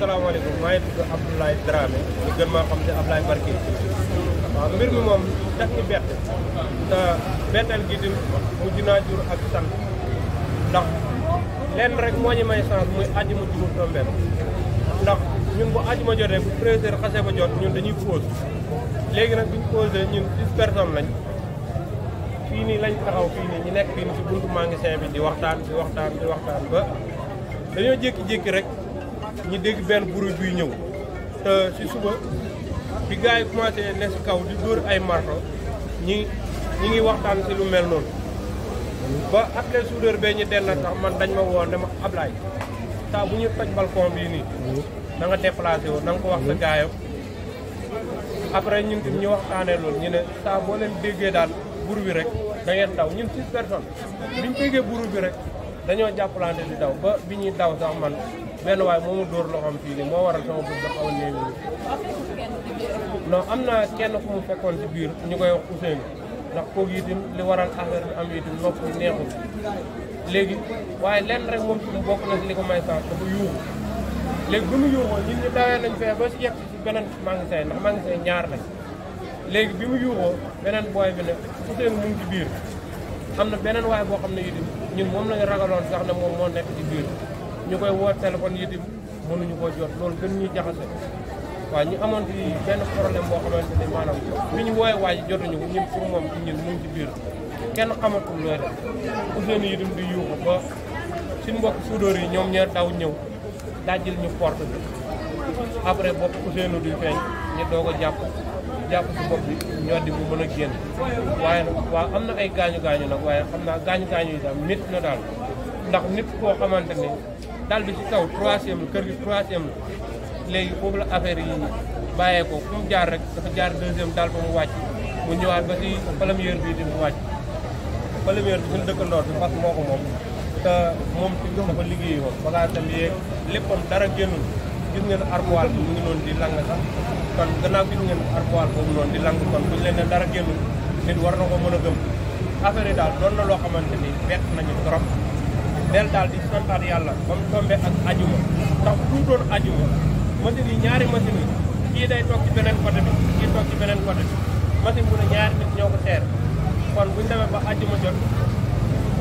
salaamaaleykum maa ngi tudd Abdoulaye Dramé ñu gën maa xam ne Abdoulaye Barke waaw mbir mi moom daf ñu bett te bettal gi di mujj naa jur ak san ndax lenn rek moo ñu may chance muy aji mu jur tombeel ndax ñun bu àjj ma jotee bu treize heures ba jot ñun dañuy pause léegi nag buñ pausee ñun dix personnes lañ fii nii lañ taxaw fii nii ñu nekk fii nii si buntu magasin bi di waxtaan di waxtaan di waxtaan ba dañoo jékki-jékki rek ñu dégg benn bruit buy ñëw te si suba bi gars yi commencé ne si kaw di dóor ay marto ñi ñi ngi waxtaan si lu mel noonu ba athlète soudeur bee ñu dell sax man dañ ma woon dama Ablaye saa bu ñu toj balcon bii nii da nga déplacé woo da nga ko wax sa gaayam après ñun ñu waxtaanee loolu ñu ne saa boo déggee daal buru bi rek da ngeen daw ñun six personnes bi ñu déggee buru rek dañoo jàppalante di daw ba bi ñuy daw sax man benn waaye moomu dóor loxoom fii nii moo waral sama bët ba xaw a néew am na kenn ku mu fekkoon ci biir ñu koy wax Ousseynou ndax kooku itam li waral affaire bi am itam nopp neexul léegi waaye lenn rek moom itam bokk na li ko may sax dafa yuuxu léegi bi mu yuuxoo ñun ñu dawee nañ fee ba si yegg beneen magasin ndax magasin ñaar lañ léegi bi mu yuuxoo beneen booy bi ne Ousseynou mu ngi ci biir am na beneen waaye boo xam ne itam ñun moom lañu ragaloon sax ne moom moo nekk ci biir. ñu koy woo téléphone yi itam mënuñu koo jot loolu gën ñuy jaxase waaw ñu amoon fi benn problème boo xamante ne maanaam bi ñu wooyee waa jot jotuñu ko ñun moom ñun mu ngi ci biir kenn xamatul looy def usine yi di yuuxu ba suñu mbokk soudeur yi ñoom ñoo daw ñëw dajjil ñu porte bi après bopp usine du feeñ ñu doog jàpp jàpp si bopp bi ñoo di mu mën a génn waaye nag waaw am na ay gaañu gaañu nag waaye xam naa gaañu gaañu yi daal métti daal ndax nit koo xamante ne dal bi ci kaw troisième kër gi troisième léegi foofu la affaire yi bàyyee ko fu jaar rek dafa jaar deuxième dal ba mu wàcc mu ñëwaat ba ci première bi di mu wàcc première bi suñu dëkkandoor bi fas moo ko moom te moom ci dafa liggéeyi woon bagage tam yeeg léppam dara génnul gis ngeen armoire bi mu ngi noonu di lang sax kon gannaaw gis ngeen armoire boobu noonu di lang kon buñ ne dara génnul nit war na ko mën a gëm affaire yi daal doon na loo xamante ni bett nañu trop del daal di santaat yàlla ba mu tombé ak ajuma ndax bu doon ajuma machine yi ñaari machine yi day toog ci beneen côté bi kii toog ci beneen côté bi machine bu ne ñaari nit ñoo ko kon bu ñu demee ba ajuma jot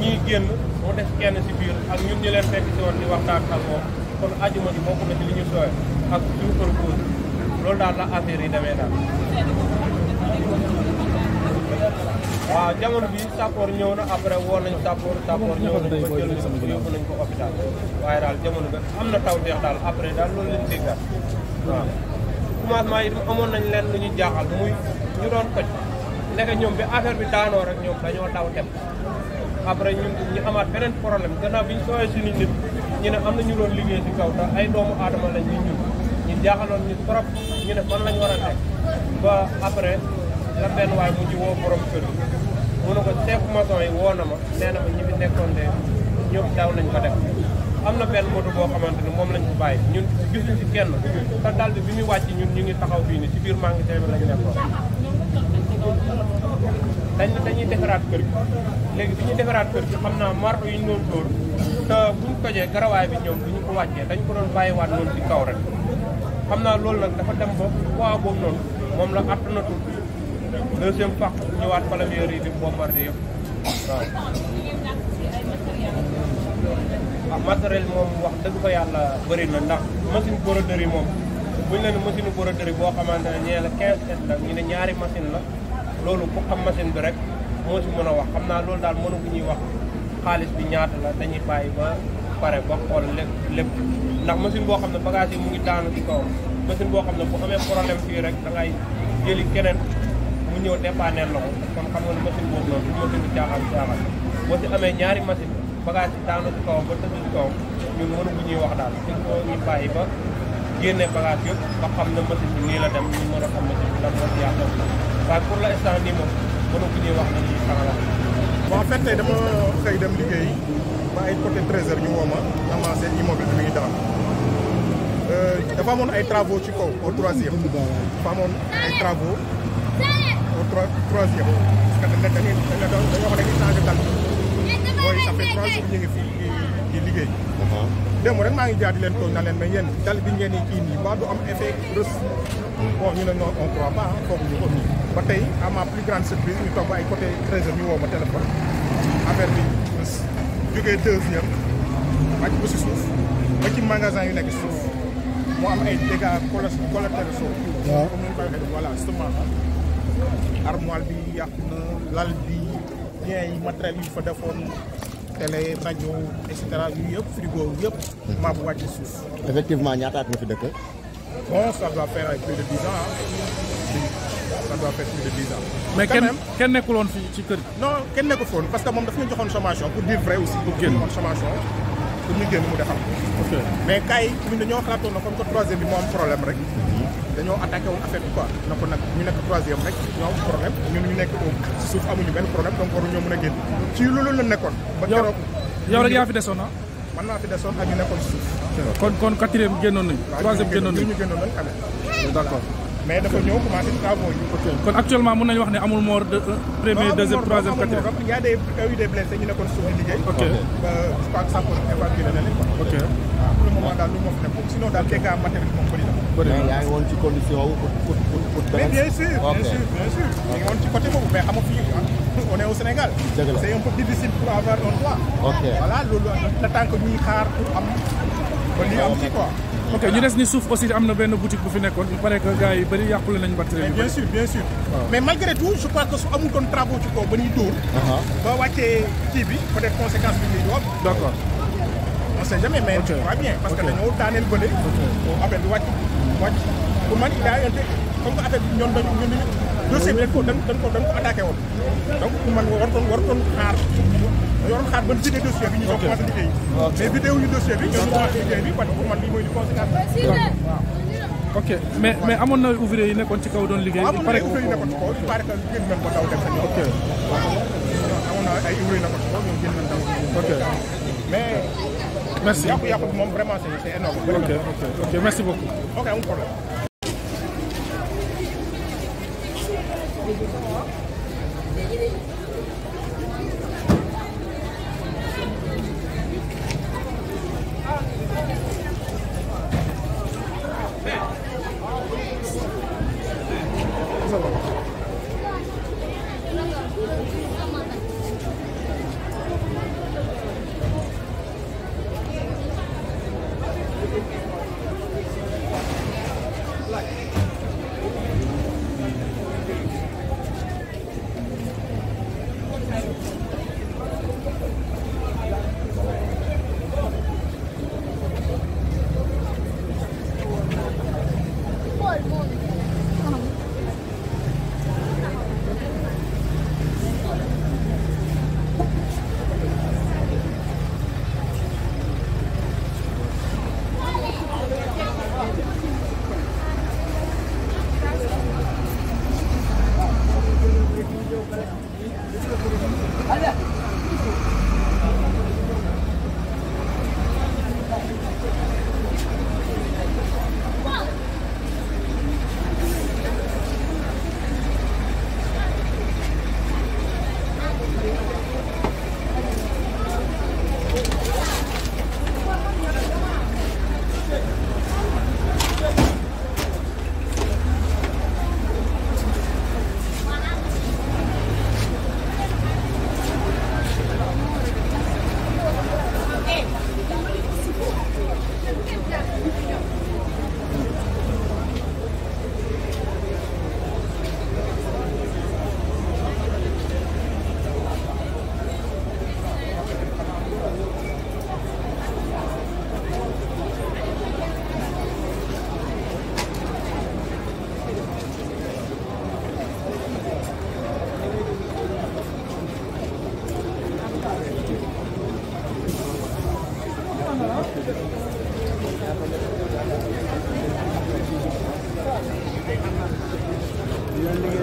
ñii génn mu def kenn si biir ak ñun ñu leen fekk si woon di waxtaan ak moom kon ajuma ji bokk na ci li ñu sooy ak suukar buus loolu daal la affaire yi demee daal waaw jamono bi sappoor ñëw na après woo nañ sappoor sappoor ñëw nañ ko jël yóbbu nañ ko hôpital waaye daal jamono bi am na taw deex daal après daal loolu lañ déggaat waaw yi it amoon nañ leen lu ñu jaaxal muy ñu doon toj nekk ñoom bi affaire bi daanoo rek ñoom dañoo daw dem après ñu ñu amaat beneen problème gannaaw bi ñu sooyee ñu ne am na ñu doon liggéey ci kaw te ay doomu aadama lañ ñu ñun ñu jaaxaloon ñu trop ñu fan lañ war a ba après la benn waay mu ci woo borom kër gi mu ne ko yi woo na ma nee na ma ñi fi nekkoon de ñoom daw nañ ko def am na benn moto boo xamante ni moom lañ ko bàyyi ñun gisuñ ci kenn te daal bi bi muy wàcc ñun ñu ngi taxaw bii ni ci biir magasin bi lañ nekkoon dañ ne dañuy defaraat kër gi léegi bi ñu defaraat kër gi xam naa marto yi ñu doon dóor te buñ tojee garawaay bi ñoom bu ñu ko wàccee dañ ko doon bàyyi noonu ci kaw rek xam naa loolu nag dafa dem ba poids deuxième pàcc bu ñëwaat palmiers yi di bombardé yëpp waaw. ah matériel moom wax dëgg fa yàlla bëri na ndax machine broderie moom bu ñu la nee machine broderie boo xamante ne ñee la 15 set la ñu ne ñaari machine la loolu ku xam machine bi rek moo ci mën a wax xam naa loolu daal mënu ku ñuy wax xaalis bi ñaata la dañuy bàyyi ba pare ba xool lekk lépp ndax machine boo xam ne bagage yi mu ngi daanu ci kaw machine boo xam ne bu amee problème fii rek da ngay jëli keneen. ñëw dépanner la ko kon xam nga ne machine ñaari machine bagage yi daanu si kawam ba ñuy wax daal il faut ñu bàyyi ba la dem ñu mën a xam machine bi lan moo si yàqu waaye pour l'instant nii moom mënu bu ñuy dama xëy dem liggéey ba ay côté 13h ñu woo ma avancé immobile bi muy daan euh, dafa amoon ay travaux ci kaw au dafa amoon ay travaux au trois troisième parce que dañ la dañuy dañ la doon dañoo xam ne dañuy dal mooy ça fait uh-huh. maa ngi jaar di leen toog na leen mais dal bi ngeen di kii nii mbaa du am effet rës. bon ñu ne non on croit pas foofu ñu ko nii. ba tey à ma plus grande surprise ñu toog ay côté treize heures ñu ma téléphone affaire bi rës jógee deuxième wàcc ba si suuf ba ci magasin yu nekk suuf moo am ay dégâts collatéraux. waaw uh-huh. comme ni ñu koy waxee voilà semence armoire bi yàq na lal bi bien yi matériel yi fa defoon télé rajo et cetera yu yëpp frigo yëpp. maa bu wàcc suuf. effectivement ñaata at fi dëkk. bon ça doit faire plus de dix de dix mais kenn kenn nekkul woon ci kër gi. non kenn nekkul woon parce que moom daf ñu joxoon sommation pour dire vrai aussi. pour génn joxoon sommation pour ñu génn mu defal. ok mais kaay bi dañoo xalaatoon na comme que troisième bi moo am problème rek. dañoo attaqué woon affaire bi quoi na ko nag ñu nekk troisième rek ñoo am problème ñun ñu nekk si suuf amuñu benn problème donc waru ñoo mën a génn ci loolu la nekkoon yow rek yaa fi desoon ah man maa fi desoon ak ñu nekkoon si suuf kon kon quatrième génnoon nañ troisième génnoon nañ ñu mais dafa ñëw commencé travaux kon actuellement mën nañu wax ne amul mort euh, premier deuxième troisième quatrième. il y a des eu des blessés ñu nekkoon suuf di liggéey. ok euh, ok waaw euh, pour le moment daal moo fi nekk sinon daal dégâts matériels moom bëri na. bëri la c'est ok voilà loolu la tant que ñuy xaar pour am. ba lii am ci quoi. ok ñu des ni suuf aussi am na benn boutique bu fi nekkoon il paraît que gars yi bëri yàqule nañu matériel yi. bien sûr bien sûr. mais malgré je crois que su amul doon ci kaw ba ñuy dóor. Uh-huh. ba wàccee kii bi peut être conséquence bi ñuy doon. d' accord. on sait jamais parce que dañoo daaneel bële. ok affaire bi wàcc wàcc pour man il a comme que affaire bi ñoom dañu ñoom dañu dossier bi dañ ko dañ ko dañ ko attaqué woon man warutoon warutoon aar. yoroon xaar ba ñu tuddee dossier bi ñu doog commencé liggéey mais vidéo ñu dossier bi ñoom ñu commencé liggéey bi parce que pour man lii mooy di conséquence ok mais mais amoon na ouvrier yi nekkoon ci kaw doon liggéey. amoon na ay ouvrier yi nekkoon ci kaw il paraît que génn nañ ko daw dem nañ. ok amoon na ay ouvrier yi nekkoon ci kaw ñoom génn nañ daw. ok mais. merci yàqu-yàqu bi moom vraiment c' est énorme. ok ok ok merci beaucoup. ok amul problème. Thank you.